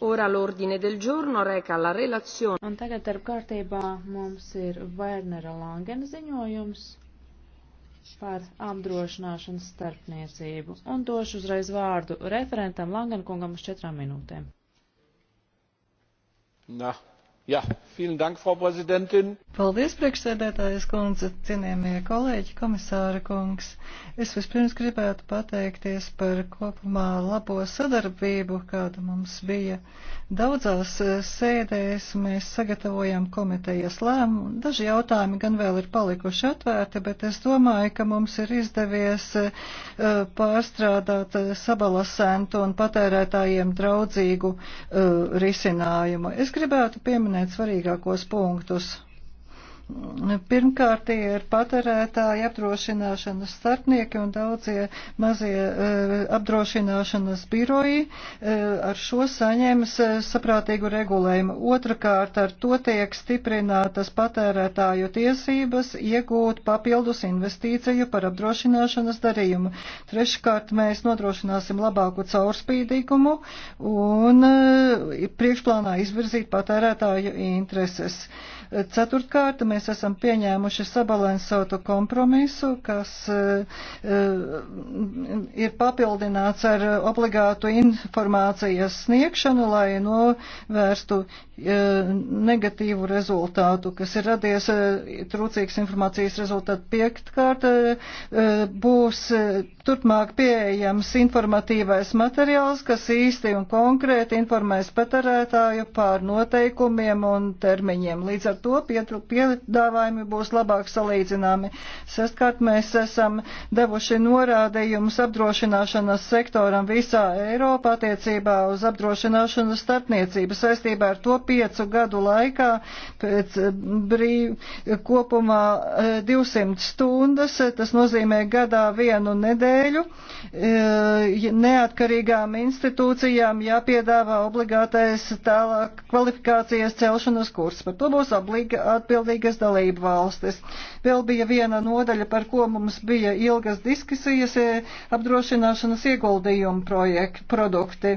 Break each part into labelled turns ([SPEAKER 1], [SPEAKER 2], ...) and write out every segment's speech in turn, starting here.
[SPEAKER 1] Ora l'ordine del giorno reca la relazione. Un tagad darb kārtībā mums ir Vērnera Langena ziņojums par apdrošināšanas starpniecību. Un došu uzreiz vārdu referentam
[SPEAKER 2] Langenkungam uz četrām minūtēm. Nah. Ja, dank, Frau Präsidentin. Paldies, priekšsēdētājas kundze, cienījamie kolēģi, komisāra kungs. Es vispirms gribētu pateikties par kopumā labo sadarbību, kāda mums bija. Daudzās eh, sēdēs mēs sagatavojam komitejas lēmumu. Daži jautājumi gan vēl ir palikuši atvērti, bet es domāju, ka mums ir izdevies eh, pārstrādāt eh, sabalasentu un patērētājiem draudzīgu risinājumu. Es gribētu pieminēt minēt svarīgākos punktus. Pirmkārt, tie ir patērētāji apdrošināšanas starpnieki un daudzie mazie eh, apdrošināšanas biroji eh, ar šo saņems eh, saprātīgu regulējumu. Otrakārt, ar to tiek stiprinātas patērētāju tiesības iegūt papildus investīciju par apdrošināšanas darījumu. Treškārt, mēs nodrošināsim labāku caurspīdīgumu un priekšplānā izvirzīt patērētāju intereses. Ceturtkārt, mēs esam pieņēmuši sabalansētu kompromisu, kas eh, eh, ir papildināts ar obligātu informācijas sniegšanu, lai novērstu eh, negatīvu rezultātu, kas ir radies trūcīgs informācijas rezultātu. Piektkārt, būs turpmāk pieejams informatīvais materiāls, kas īsti un konkrēti informēs patērētāju par noteikumiem un termiņiem. Līdz ar ar to piedāvājumi būs labāk salīdzināmi. Sestkārt mēs esam devuši norādījumus apdrošināšanas sektoram visā Eiropā attiecībā uz apdrošināšanas starpniecību saistībā ar to piecu gadu laikā pēc eh, brīv, kopumā 200 eh, stundas, eh, tas nozīmē gadā vienu nedēļu, neatkarīgām institūcijām jāpiedāvā obligātais tālāk kvalifikācijas celšanas kurs. Par to būs apmaksājums atbildīga, atbildīgas dalību valstis. Vēl bija viena nodaļa, par ko mums bija ilgas diskusijas e, - apdrošināšanas ieguldījumu projekt, produkti.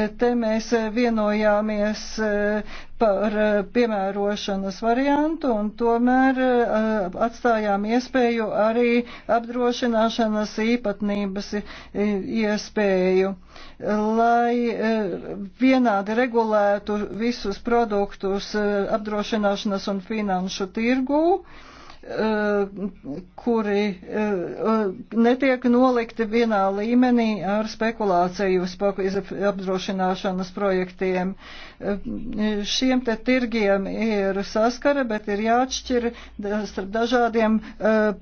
[SPEAKER 2] E, te mēs vienojāmies e, par eh, piemērošanas variantu un tomēr eh, atstājām iespēju arī apdrošināšanas īpatnības eh, iespēju. Lai vienādi regulētu visus produktus apdrošināšanas un finanšu tirgū, Uh, kuri uh, uh, netiek nolikti vienā līmenī ar spekulāciju apdrošināšanas projektiem. Šiem te tirgiem ir saskara, bet ir jāatšķir starp dažādiem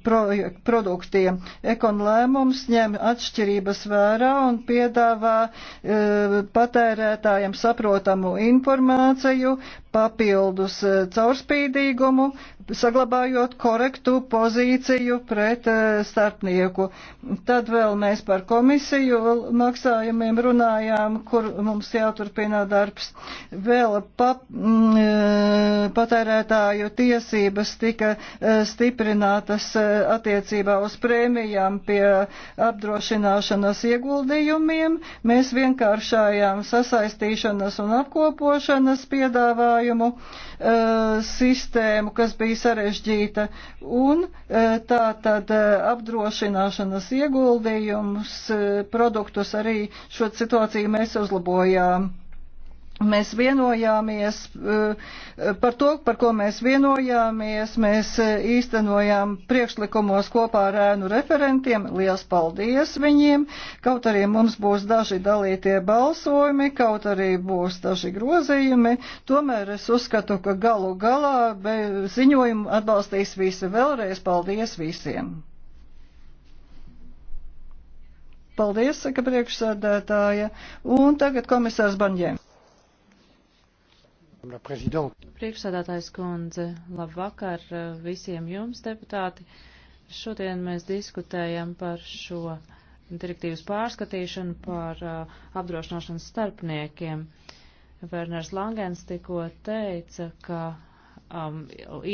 [SPEAKER 2] projekt, produktiem. Ekon lēmums ņem atšķirības vērā un piedāvā patērētājiem saprotamu informāciju papildus e, caurspīdīgumu, saglabājot korektu pozīciju pret e, starpnieku. Tad vēl mēs par komisiju maksājumiem runājām, kur mums jāturpina darbs. Vēl pap, m, mm, e, patērētāju tiesības tika stiprinātas attiecībā uz prēmijām pie apdrošināšanas ieguldījumiem. Mēs vienkāršājām sasaistīšanas un apkopošanas piedāvājumu maksājumu eh, sistēmu, kas bija sarežģīta, un eh, tā tad eh, apdrošināšanas ieguldījums produktus arī šo situāciju mēs uzlabojām. Mēs vienojāmies eh, par to, par ko mēs vienojāmies. Mēs eh, īstenojām priekšlikumos kopā ar ēnu referentiem. Liels paldies viņiem! Kaut arī mums būs daži dalītie balsojumi, kaut arī būs daži grozījumi. Tomēr es uzskatu, ka galu galā ziņojumu atbalstīs visi. Vēlreiz paldies visiem! Paldies, saka priekšsēdētāja. Un tagad komisārs Banjēns.
[SPEAKER 1] Priekšsādātājs kundze, labvakar eh, visiem jums, deputāti. Šodien mēs diskutējam par šo direktīvas pārskatīšanu par uh, apdrošināšanas starpniekiem. Werners Langens tikko teica, ka um,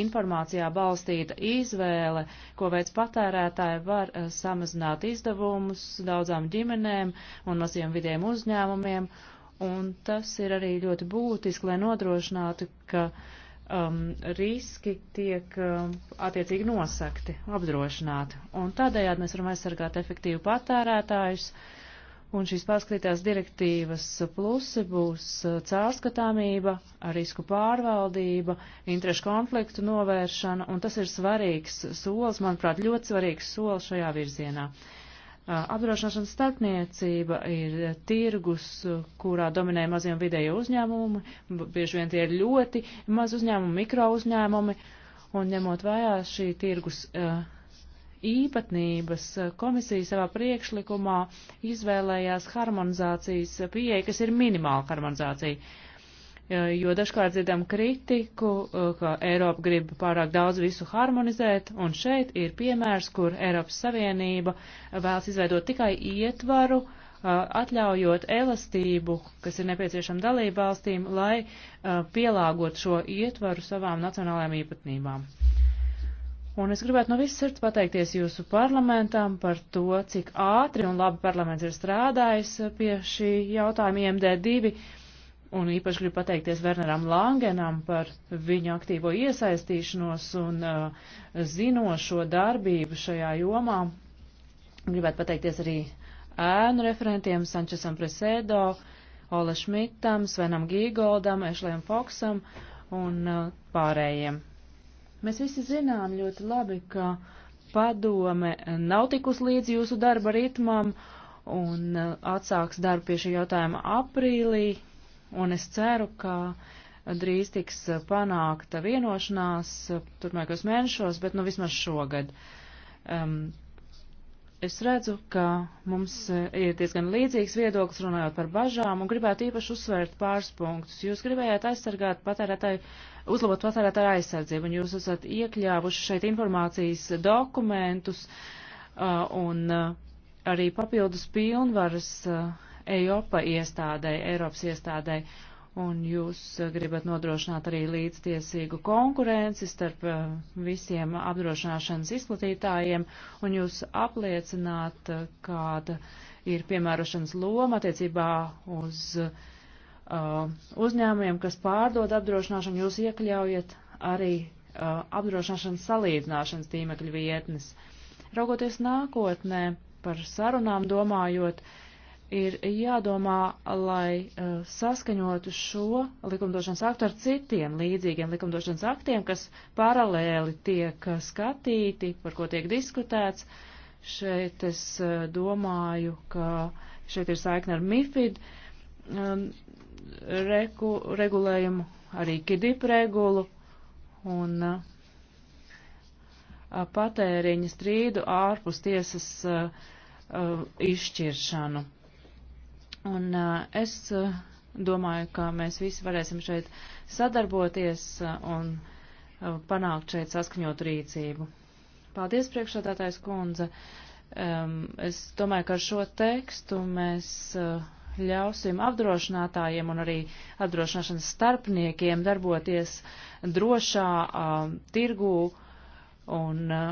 [SPEAKER 1] informācijā balstīta izvēle, ko veic patērētāji, var uh, samazināt izdevumus daudzām ģimenēm un maziem vidiem uzņēmumiem. Uh, un tas ir arī ļoti būtiski, lai nodrošinātu, ka um, riski tiek um, attiecīgi nosakti, apdrošināti. Un tādējādi mēs varam aizsargāt efektīvu patērētājus, un šīs pārskatītās direktīvas plusi būs uh, cārskatāmība, risku pārvaldība, interešu konfliktu novēršana, un tas ir svarīgs solis, manuprāt, ļoti svarīgs solis šajā virzienā. Uh, Apdrošināšanas starpniecība ir tirgus, kurā dominē mazie un vidēji uzņēmumi, bieži vien tie ir ļoti maz uzņēmumi, mikro uzņēmumi, un ņemot vērā šī tirgus īpatnības, komisija savā priekšlikumā izvēlējās harmonizācijas pieeja, kas ir minimāla harmonizācija jo dažkārt dzirdam kritiku, eh, ka Eiropa grib pārāk daudz visu harmonizēt, un šeit ir piemērs, kur Eiropas Savienība vēlas izveidot tikai ietvaru, eh, atļaujot elastību, kas ir nepieciešama dalību valstīm, lai eh, pielāgot šo ietvaru savām nacionālajām īpatnībām. Un es gribētu no visas sirds pateikties jūsu parlamentam par to, cik ātri un labi parlaments ir strādājis pie šī jautājuma IMD2 Un īpaši gribu pateikties Werneram Langenam par viņu aktīvo iesaistīšanos un uh, zinošo darbību šajā jomā. Gribētu pateikties arī ēnu referentiem Sančesam Presēdo, Ole Šmitam, Svenam Gīgoldam, Ešlēm Foksam un uh, pārējiem. Mēs visi zinām ļoti labi, ka padome nav tikus līdz jūsu darba ritmam un uh, atsāks darbu pie šī jautājuma aprīlī, un es ceru, ka drīz tiks panākta vienošanās turpmākajos mēnešos, bet nu vismaz šogad. Um, es redzu, ka mums ir diezgan līdzīgs viedoklis runājot par bažām un gribētu īpaši uzsvērt pāris punktus. Jūs gribējāt aizsargāt patērētāju, uzlabot patērētāju aizsardzību, un jūs esat iekļāvuši šeit informācijas dokumentus uh, un uh, arī papildus pilnvaras uh, EIOPA iestādē, Eiropas iestādē, un jūs eh, gribat nodrošināt arī līdztiesīgu konkurenci starp eh, visiem apdrošināšanas izplatītājiem, un jūs apliecināt, eh, kāda ir piemērošanas loma attiecībā uz uh, uzņēmumiem, kas pārdod apdrošināšanu, jūs iekļaujat arī uh, apdrošināšanas salīdzināšanas tīmekļu vietnes. Raugoties nākotnē, par sarunām domājot, uh, ir jādomā, lai uh, saskaņotu šo likumdošanas aktu ar citiem līdzīgiem likumdošanas aktiem, kas paralēli tiek eh, skatīti, par ko tiek diskutēts. Šeit es uh, domāju, ka šeit ir saikne ar MIFID um, reku, regulējumu, arī KIDIP regulu un uh, patēriņa strīdu ārpus tiesas uh, uh, izšķiršanu. Un es domāju, ka mēs visi varēsim šeit sadarboties un panākt šeit saskaņot rīcību. Paldies, priekšsādātājs kundze. Es domāju, ka ar šo tekstu mēs ļausim apdrošinātājiem un arī apdrošināšanas starpniekiem darboties drošā uh, tirgū un uh,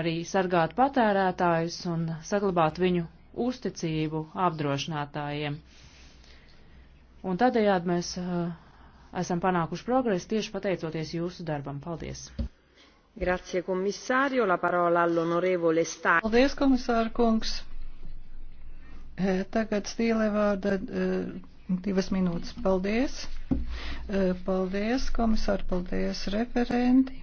[SPEAKER 1] arī sargāt patērētājus un saglabāt viņu uzticību apdrošinātājiem. Un tādējādi mēs uh, esam panākuši progresu tieši pateicoties jūsu darbam. Paldies! Grazie, komisārio. La parola all'onorevole
[SPEAKER 2] Stā. Paldies, komisāra kungs. Eh, tagad stīlē vārda eh, divas minūtes. Paldies. Eh, paldies, komisāri, paldies, referenti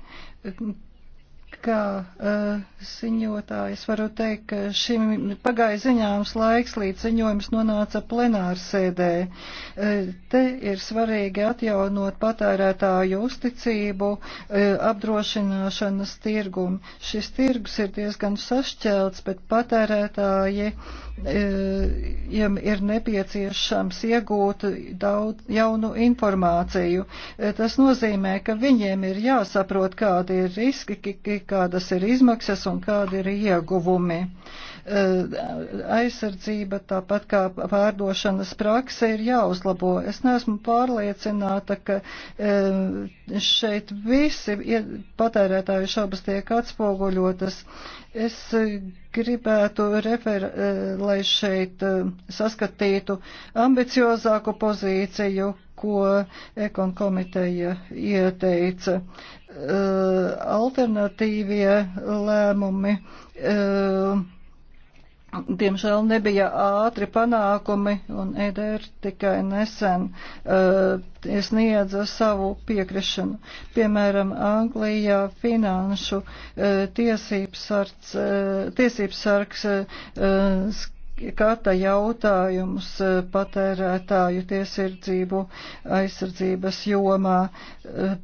[SPEAKER 2] kā uh, ziņotājs varu teikt, ka šim pagāja ziņāms laiks, līdz ziņojums nonāca plenārsēdē. Uh, te ir svarīgi atjaunot patērētāju uzticību uh, apdrošināšanas tirgumu. Šis tirgus ir diezgan sašķelts, bet patērētāji jiem ir nepieciešams iegūt daudz jaunu informāciju. Tas nozīmē, ka viņiem ir jāsaprot, kādi ir riski, kā kādas ir izmaksas un kādi ir ieguvumi. E, aizsardzība, tāpat kā pārdošanas prakse, ir jāuzlabo. Es neesmu pārliecināta, ka e, šeit visi patērētāju šobas tiek atspoguļotas. Es gribētu refer, e, lai šeit saskatītu ambiciozāku pozīciju, ko ekon komiteja ieteica. Uh, alternatīvie lēmumi. Uh, diemžēl nebija ātri panākumi, un EDR tikai nesen uh, sniedza savu piekrišanu. Piemēram, Anglijā finanšu uh, tiesības sargs uh, uh kata jautājumus eh, patērētāju tiesardzību aizsardzības jomā.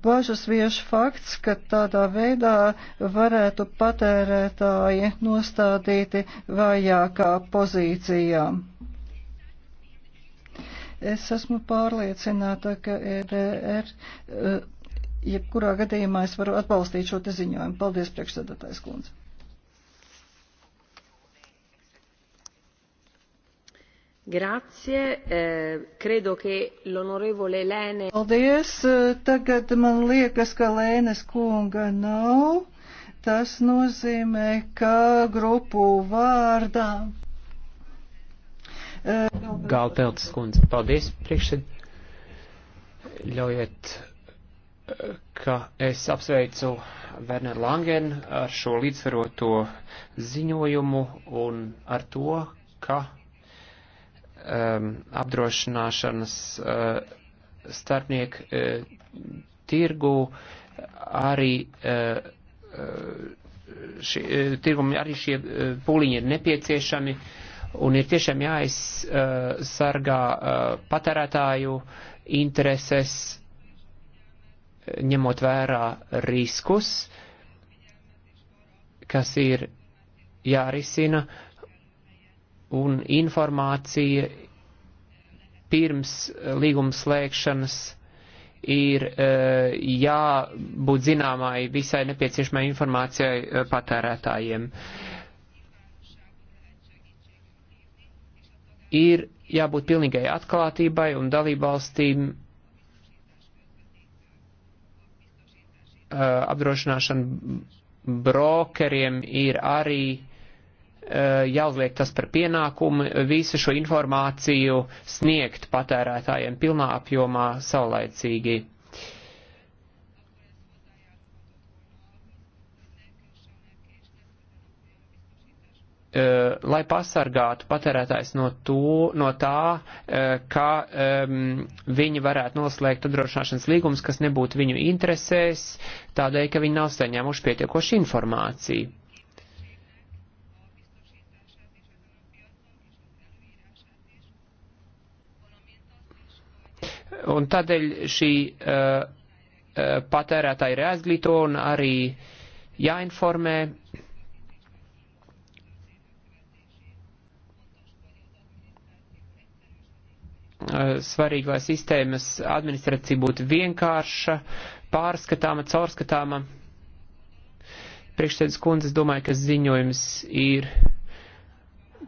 [SPEAKER 2] Bažas eh, vieš fakts, ka tādā veidā varētu patērētāji nostādīti vājākā pozīcijā. Es esmu pārliecināta, ka EDR, eh, jebkurā gadījumā es varu atbalstīt šo te ziņojumu. Paldies, priekšsēdētājs Kundze. Grazie,
[SPEAKER 1] eh, credo che l'onorevole Lēne.
[SPEAKER 2] Paldies, eh, tagad man liekas, ka Lēnes kunga nav. Tas nozīmē, ka grupu vārdā. Eh,
[SPEAKER 3] Galpeltas kundze, paldies priekšsēd. Ļaujiet, eh, ka es apsveicu Werner Langen ar šo līdzsvaroto ziņojumu un ar to, ka um, apdrošināšanas uh, starpnieku uh, tirgu arī uh, uh šie, uh, tirgumi arī šie uh, pūliņi ir nepieciešami un ir tiešām jāaizsargā uh, uh, patērētāju intereses, ņemot vērā riskus, kas ir jārisina. Uh, un informācija pirms eh, līguma slēgšanas ir eh, jābūt zināmai visai nepieciešamai informācijai eh, patērētājiem. Ir jābūt pilnīgai atklātībai un dalībvalstīm apdrošināšana brokeriem ir arī Eh, jāuzliek tas par pienākumu visu šo informāciju sniegt patērētājiem pilnā apjomā saulaicīgi. Eh, lai pasargātu patērētājs no, to, no tā, eh, ka um, viņi varētu noslēgt apdrošināšanas līgumus, kas nebūtu viņu interesēs, tādēļ, ka viņi nav saņēmuši pietiekoši informāciju. Un tādēļ šī uh, patērētāji ir jāizglīto un arī jāinformē. Eh, svarīgi, lai sistēmas administrācija būtu vienkārša, pārskatāma, caurskatāma. Priekšsēdus kundzes domāju, ka ziņojums ir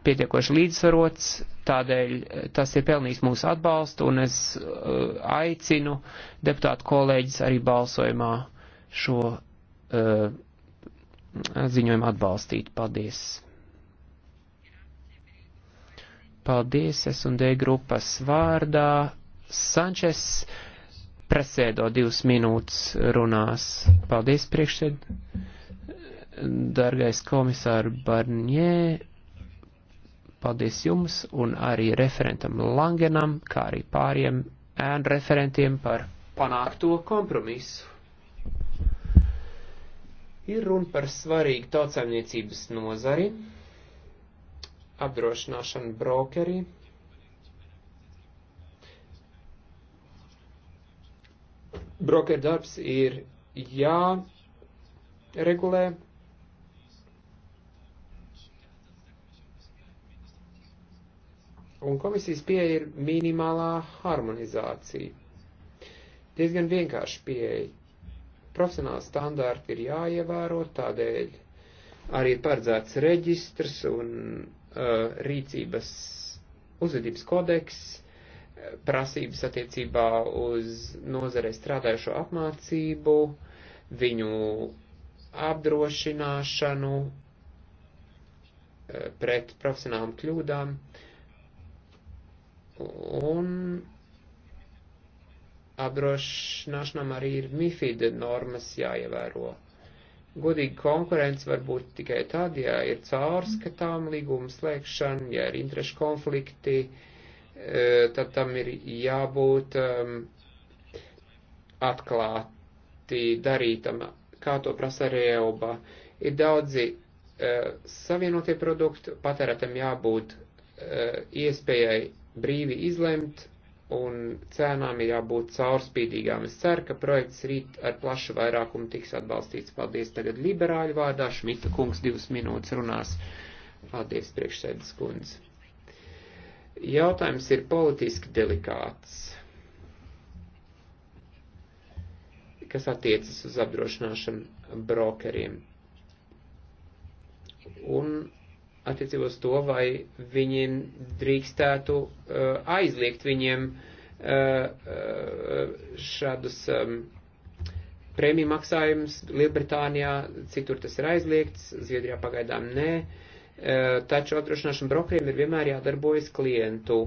[SPEAKER 3] pietiekoši līdzsvarots, Tādēļ eh, tas ir pelnījis mūsu atbalstu, un es uh, aicinu deputātu kolēģis arī balsojumā šo uh, ziņojumu atbalstīt. Paldies! Paldies, es un D grupas vārdā. Sančes presēdo divas minūtes runās. Paldies, priekšsēd. Dargais komisāri Barņē, Paldies jums un arī referentam Langenam, kā arī pāriem ēnu referentiem par panākto kompromisu. Ir runa par svarīgu tautsēmniecības nozari, apdrošināšanu brokeri, brokeru darbs ir jāregulē, Un komisijas pieeja ir minimālā harmonizācija. Diezgan vienkārši pieeja. Profesionāli standārti ir jāievēro, tādēļ arī ir paredzēts reģistrs un uh, rīcības uzvedības kodeks, prasības attiecībā uz nozarē strādājušo apmācību, viņu apdrošināšanu uh, pret profesionālām kļūdām. Uh, Un apdrošināšanām arī ir MIFID normas jāievēro. Godīga konkurence var būt tikai tad, ja ir caurskatām līguma slēgšana, ja ir interešu konflikti, e, tad tam ir jābūt um, atklāti darītam, kā to prasa Rēoba. E ir daudzi uh, savienotie produkti, patērētam jābūt uh, iespējai brīvi izlemt, un cēnām ir jābūt caurspīdīgām. Es ceru, ka projekts rīt ar plašu vairākumu tiks atbalstīts. Paldies tagad liberāļu vārdā, Šmita kungs divas minūtes runās. Paldies, priekšsēdas kundze. Jautājums ir politiski delikāts, kas attiecas uz apdrošināšanu brokeriem. Un attiecībā uz to, vai viņiem drīkstētu uh, aizliegt viņiem uh, uh, šādus um, prēmiju maksājumus Lielbritānijā, cik tur tas ir aizliegts, Zviedrijā pagaidām nē, uh, taču atrošināšana brokeriem ir vienmēr jādarbojas klientu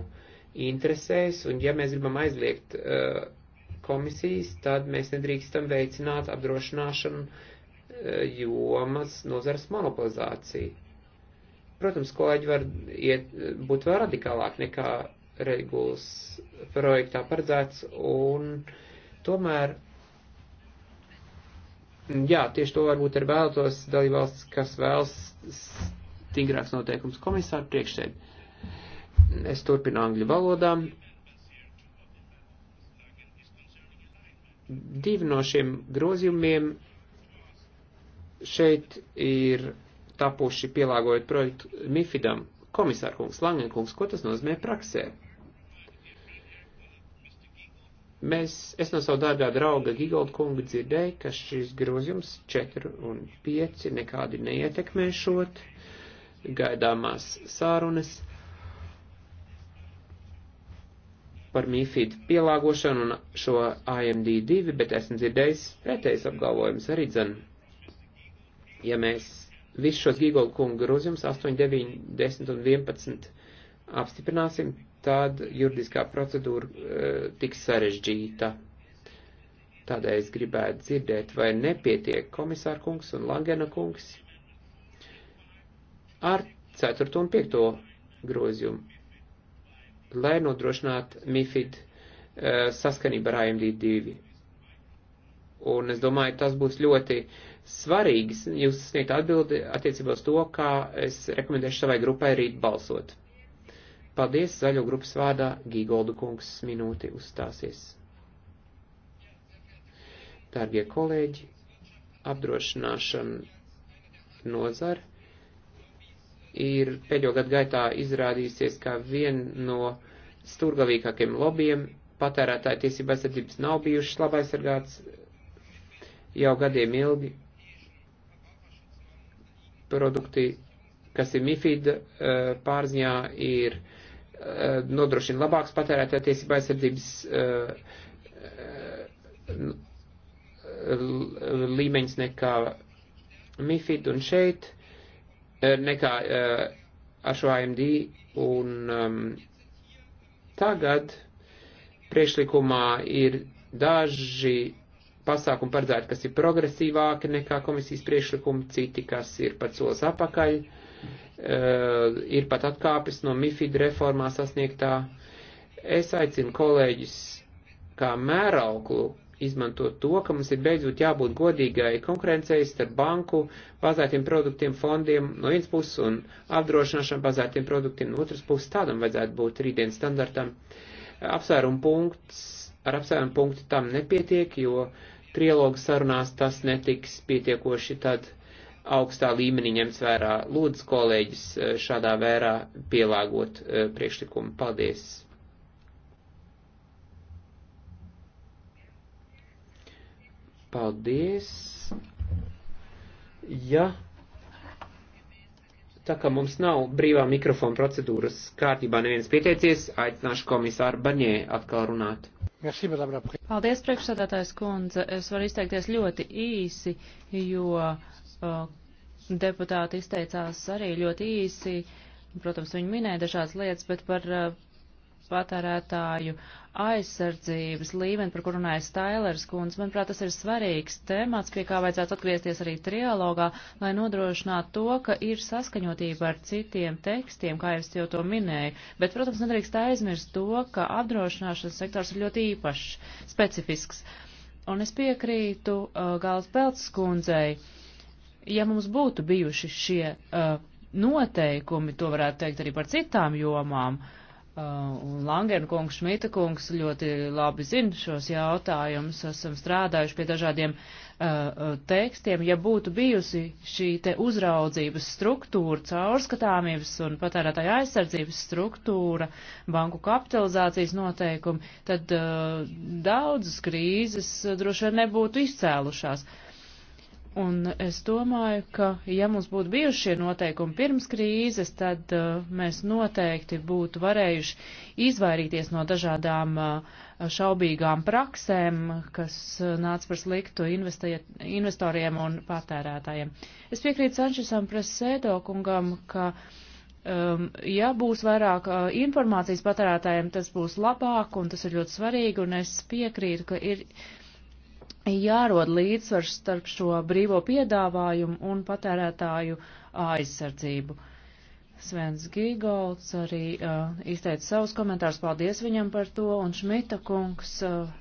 [SPEAKER 3] interesēs, un ja mēs gribam aizliegt uh, komisijas, tad mēs nedrīkstam veicināt apdrošināšanu uh, jomas nozars monopolizāciju Protams, kolēģi var iet, būt vēl radikālāk nekā regulas projektā paredzēts, un tomēr, jā, tieši to varbūt ir vēlētos dalībvalsts, kas vēlas stingrāks noteikums komisāru priekšsēdi. Es turpinu angļu valodā. Divi no šiem grozījumiem šeit ir tapuši pielāgojot projektu Mifidam. Komisārkungs, Langenkungs, ko tas nozīmē praksē? Mēs, es no savu dārgā drauga Gigolda kunga dzirdēju, ka šis grozījums 4 un 5 nekādi neietekmēšot gaidāmās sārunas par MIFID pielāgošanu un šo AMD2, bet esmu dzirdējis pretējs apgalvojums arī dzen. Ja mēs visus šos Gīgolda kunga grozījumus 8, 9, 10 un 11 apstiprināsim, tad juridiskā procedūra uh, tiks sarežģīta. Tādēļ es gribētu dzirdēt, vai nepietiek komisāra kungs un Langena kungs ar 4. un 5. grozījumu, lai nodrošinātu MIFID uh, saskanību ar AMD 2. Un es domāju, tas būs ļoti svarīgs jūs sniegt atbildi attiecībā uz to, kā es rekomendēšu savai grupai rīt balsot. Paldies, zaļo grupas vārdā Gīgoldu kungs minūti uzstāsies. Dārgie kolēģi, apdrošināšana nozara ir pēdējo gadu gaitā izrādījusies kā viena no sturgavīgākiem lobbyiem. Patērētāja tiesība aizsardzības nav bijušas labi aizsargātas, jau gadiem ilgi produkti, kas ir MIFID eh, pārziņā, ir eh, nodrošina labāks patērētāja tiesība aizsardzības eh, līmeņus nekā MIFID un šeit, nekā ar šo AMD un ehm, tagad priekšlikumā ir daži pasākumi paredzēti, kas ir progresīvāki nekā komisijas priekšlikumi, citi, kas ir pat solis apakaļ, uh, ir pat atkāpis no MIFID reformā sasniegtā. Es aicinu kolēģis kā mērauklu izmantot to, ka mums ir beidzot jābūt godīgai konkurencei starp banku bazētiem produktiem, fondiem no vienas puses un apdrošināšanu bazētiem produktiem no otras puses. Tādam vajadzētu būt rītdienas standartam. Apsvērumu punkts, ar apsvērumu punktu tam nepietiek, jo uh, trialogu sarunās tas netiks pietiekoši tad augstā līmenī ņemts vērā. Lūdzu, kolēģis, eh, šādā vērā pielāgot eh, priekšlikumu. Paldies! Paldies! Ja tā kā mums nav brīvā mikrofona procedūras kārtībā neviens pieteicies, aicināšu komisāru Baņē atkal runāt.
[SPEAKER 1] Paldies, priekšsēdētājs kundze. Es varu izteikties ļoti īsi, jo uh, deputāti izteicās arī ļoti īsi. Protams, viņi minēja dažādas lietas, bet par uh, patērētāju aizsardzības līmeni, par kur runāja Stailers kundze. Manuprāt, tas ir svarīgs temats, pie kā vajadzētu atgriezties arī trialogā, lai nodrošinātu to, ka ir saskaņotība ar citiem tekstiem, kā jau es jau to minēju. Bet, protams, nedrīkst aizmirst to, ka apdrošināšanas sektors ir ļoti īpašs, specifisks. Un es piekrītu uh, Gāles Peltas kundzei, ja mums būtu bijuši šie uh, noteikumi, to varētu teikt arī par citām jomām, uh, Uh, un Langena kungs, Šmita kungs ļoti labi zina šos jautājumus, esam strādājuši pie dažādiem uh, uh, tekstiem. Ja būtu bijusi šī te uzraudzības struktūra, caurskatāmības un patērētāja aizsardzības struktūra, banku kapitalizācijas noteikumi, tad uh, daudzas krīzes uh, droši vien nebūtu izcēlušās. Uh, Un es domāju, ka ja mums būtu bijuši šie noteikumi pirms krīzes, tad uh, mēs noteikti būtu varējuši izvairīties no dažādām uh, šaubīgām praksēm, kas uh, nāca par sliktu investoriem un patērētājiem. Es piekrītu Sančesam Presēdo kungam, ka um, ja būs vairāk uh, informācijas patērētājiem, tas būs labāk un tas ir ļoti svarīgi, un es piekrītu, ka ir. Uh, jārod līdzsvars starp šo brīvo piedāvājumu un patērētāju aizsardzību. Svens Gīgolds arī uh, izteica savus komentārus, paldies viņam par to, un Šmita kungs uh,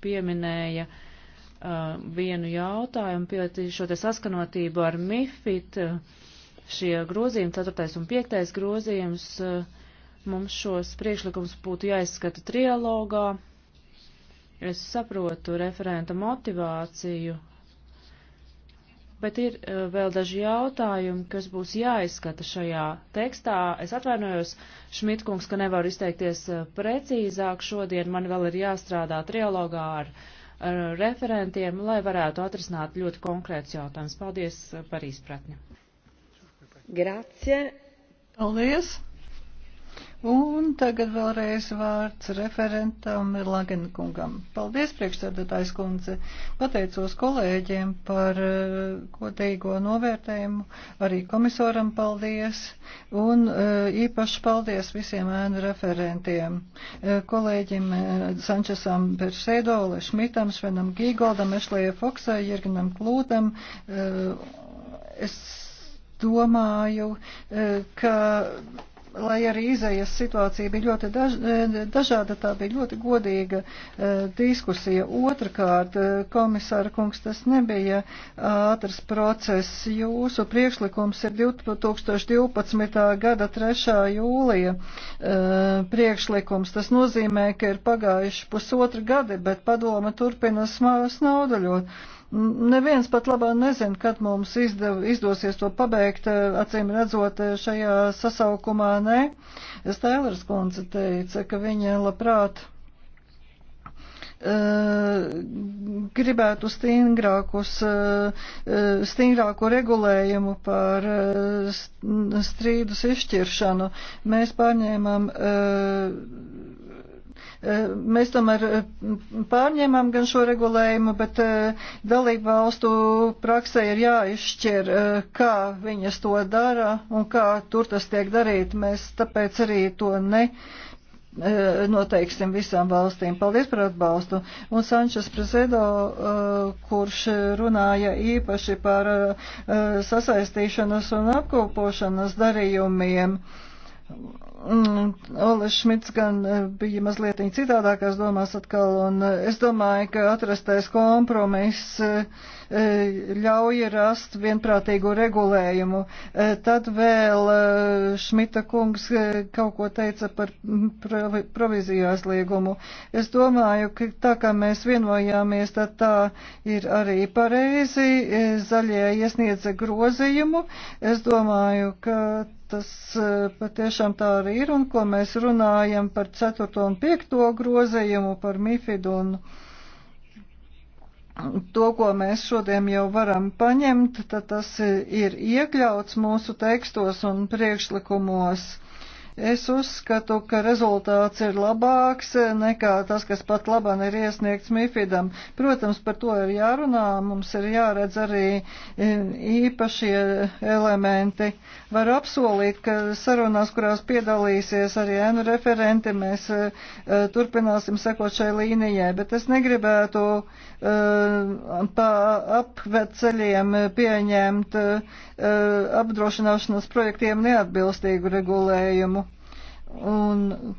[SPEAKER 1] pieminēja uh, vienu jautājumu, pieti šo te saskanotību ar MIFID, uh, šie grozījumi, 4. un 5. grozījums, uh, mums šos priekšlikums būtu jāizskata trialogā, Es saprotu referenta motivāciju, bet ir uh, vēl daži jautājumi, kas būs jāizskata šajā tekstā. Es atvainojos, Šmitkungs, ka nevaru izteikties uh, precīzāk šodien. Man vēl ir jāstrādā trialogā ar, ar referentiem, lai varētu atrisināt ļoti konkrēts jautājums. Paldies e, par izpratni.
[SPEAKER 2] Grazie. Paldies. Un tagad vēlreiz vārds referentam Lagenkungam. Paldies, priekšsēdētājs kundze. Pateicos kolēģiem par eh, godīgo novērtējumu. Arī komisoram paldies. Un eh, īpaši paldies visiem ēnu referentiem. Eh, kolēģim Sančesam Persēdo, Lešmitam, Švenam Gīgoldam, Ešlēja Foksai, Jirginam Klūtam. Es domāju, ka lai arī izējas situācija bija ļoti daž, e, dažāda, tā bija ļoti godīga e, diskusija. Otrakārt, e, komisāra kungs, tas nebija ātrs process. Jūsu priekšlikums ir 2012. gada 3. jūlija priekšlikums. Tas nozīmē, ka ir pagājuši pusotri gadi, bet padoma turpina snaudaļot. Neviens pat labā nezin, kad mums izdev, izdosies to pabeigt, acīm redzot, šajā sasaukumā nē. Stēlers kundze teica, ka viņa labprāt e, gribētu stingrākus, e, e, stingrāku regulējumu par strīdus izšķiršanu. Mēs pārņēmām Eh, mēs tomēr eh, pārņēmām gan šo regulējumu, bet eh, dalību valstu praksē ir jāizšķir, kā viņas to dara un kā tur tas tiek darīt. Mēs tāpēc arī to ne noteiksim visām valstīm. Paldies par atbalstu. Un Sančes Presedo, kurš runāja īpaši par sasaistīšanas un apkopošanas darījumiem. Mm, Ola Šmits gan e, bija mazliet citādākās domās atkal, un e, es domāju, ka atrastais kompromiss e, E, ļauj rast vienprātīgu regulējumu. E, tad vēl e, Šmita kungs kaut ko teica par proviziju aizliegumu. Es domāju, ka tā kā mēs vienojāmies, tad tā ir arī pareizi. Zaļie iesniedza grozījumu. Es domāju, ka tas patiešām tā arī ir, un ko mēs runājam par 4. un 5. grozījumu, par MIFID un. Uh, to, ko mēs šodien jau varam paņemt, tad tas ir iekļauts mūsu tekstos un priekšlikumos. Es uzskatu, ka rezultāts ir labāks nekā tas, kas pat labam ir iesniegts MIFIDam. Protams, par to ir jārunā, mums ir jāredz arī e, īpašie elementi. Var apsolīt, ka sarunās, kurās piedalīsies arī ēnu referenti, mēs e, e, turpināsim sekot šai līnijai, bet es negribētu pa apveceļiem pieņemt apdrošināšanas projektiem neatbilstīgu regulējumu Un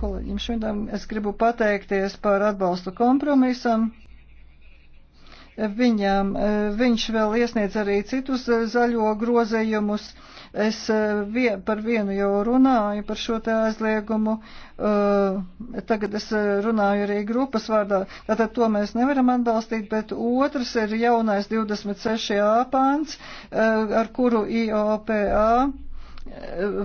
[SPEAKER 2] kolēģim Šmidam es gribu pateikties par atbalstu kompromisam. Viņam, viņš vēl iesniedz arī citus zaļo grozējumus. Es vien, par vienu jau runāju par šo te aizliegumu. Uh, tagad es runāju arī grupas vārdā. Tātad to mēs nevaram atbalstīt, bet otrs ir jaunais 26a pāns, uh, ar kuru IOPA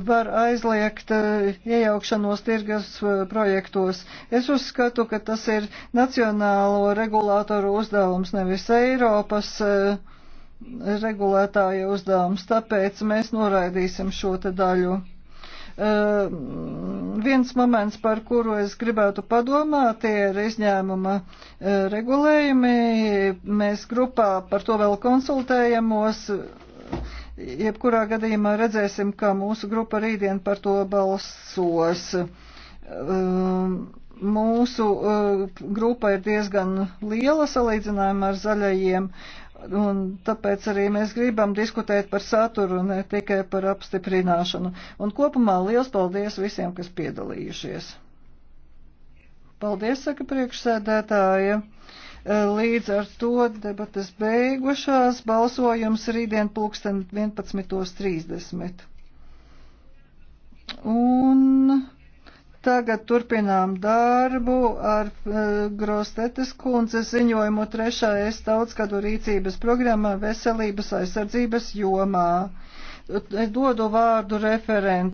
[SPEAKER 2] var aizliegt eh, iejaukšanos tirgas eh, projektos. Es uzskatu, ka tas ir nacionālo regulātoru uzdevums, nevis Eiropas eh, regulētāja uzdevums, tāpēc mēs noraidīsim šo te daļu. Uh, viens moments, par kuru es gribētu padomāt, tie ir izņēmuma uh, regulējumi. Mēs grupā par to vēl konsultējamos. Uh, Jebkurā gadījumā redzēsim, kā mūsu grupa rītdien par to balsos. Um, mūsu uh, grupa ir diezgan liela salīdzinājumā ar zaļajiem, un tāpēc arī mēs gribam diskutēt par saturu, ne tikai par apstiprināšanu. Un kopumā liels paldies visiem, kas piedalījušies. Paldies, saka priekšsēdētāja. Līdz ar to debatas beigušās, balsojums rītdien pulksten 11.30. Un tagad turpinām darbu ar uh, Grostetes kundzes ziņojumu trešais tautskadu rīcības programmā veselības aizsardzības jomā. Dodu vārdu referentu.